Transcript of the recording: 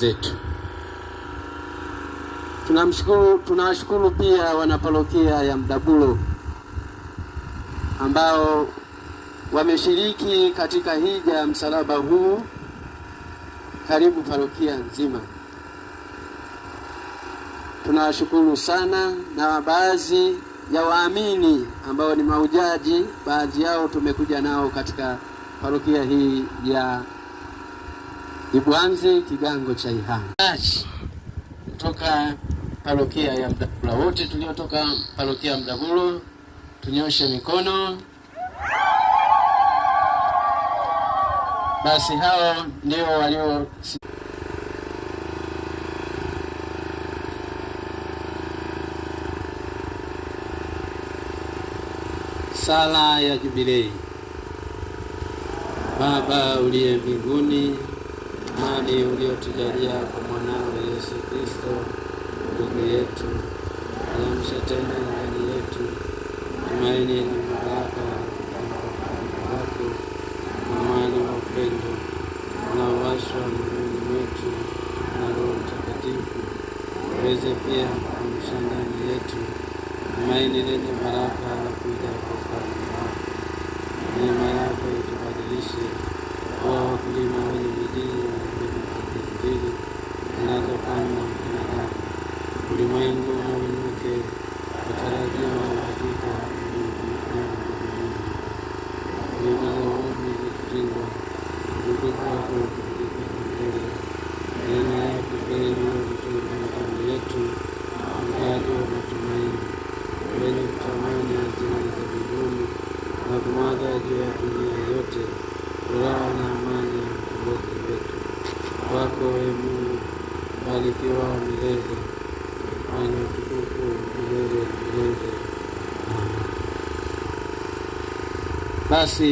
zetu. Tunamshukuru, tunawashukuru pia wanaparokia ya Mdabulo ambao wameshiriki katika hija ya msalaba huu karibu parokia nzima. Tunawashukuru sana, na baadhi ya waamini ambao ni mahujaji, baadhi yao tumekuja nao katika parokia hii ya Nibwanze Kigango cha Ihanga kutoka parokia ya Mdabulo. Wote tuliotoka parokia ya Mdabulo tunyoshe mikono. Basi hao ndio walio sala ya Jubilei. Baba uliye mbinguni imani uliotujalia kwa mwanao Yesu Kristo ndugu yetu, aliamsha tena ndani yetu tumaini na baraka wako na amani wa upendo unaowashwa moyoni mwetu na Roho Mtakatifu, uweze pia kuamsha ndani yetu tumaini lenye baraka la kuja kwa ufalme wako. Neema yako itubadilishe kuwa wakulima wenye bidii ulimwengu uanguke, matarajio na uhakika wa mbingu za udi zikijengwa, utukufu wako ukifunika mbele, neema yako kweli ulitunga mikono yetu, mtaji wa matumaini, wenye kutamani hazina za mbinguni na kumwaga juu ya dunia yote furaha na amani ya mkombozi wetu. Kwako, ee Mungu, barikiwa milele na utukufu milele milele. Basi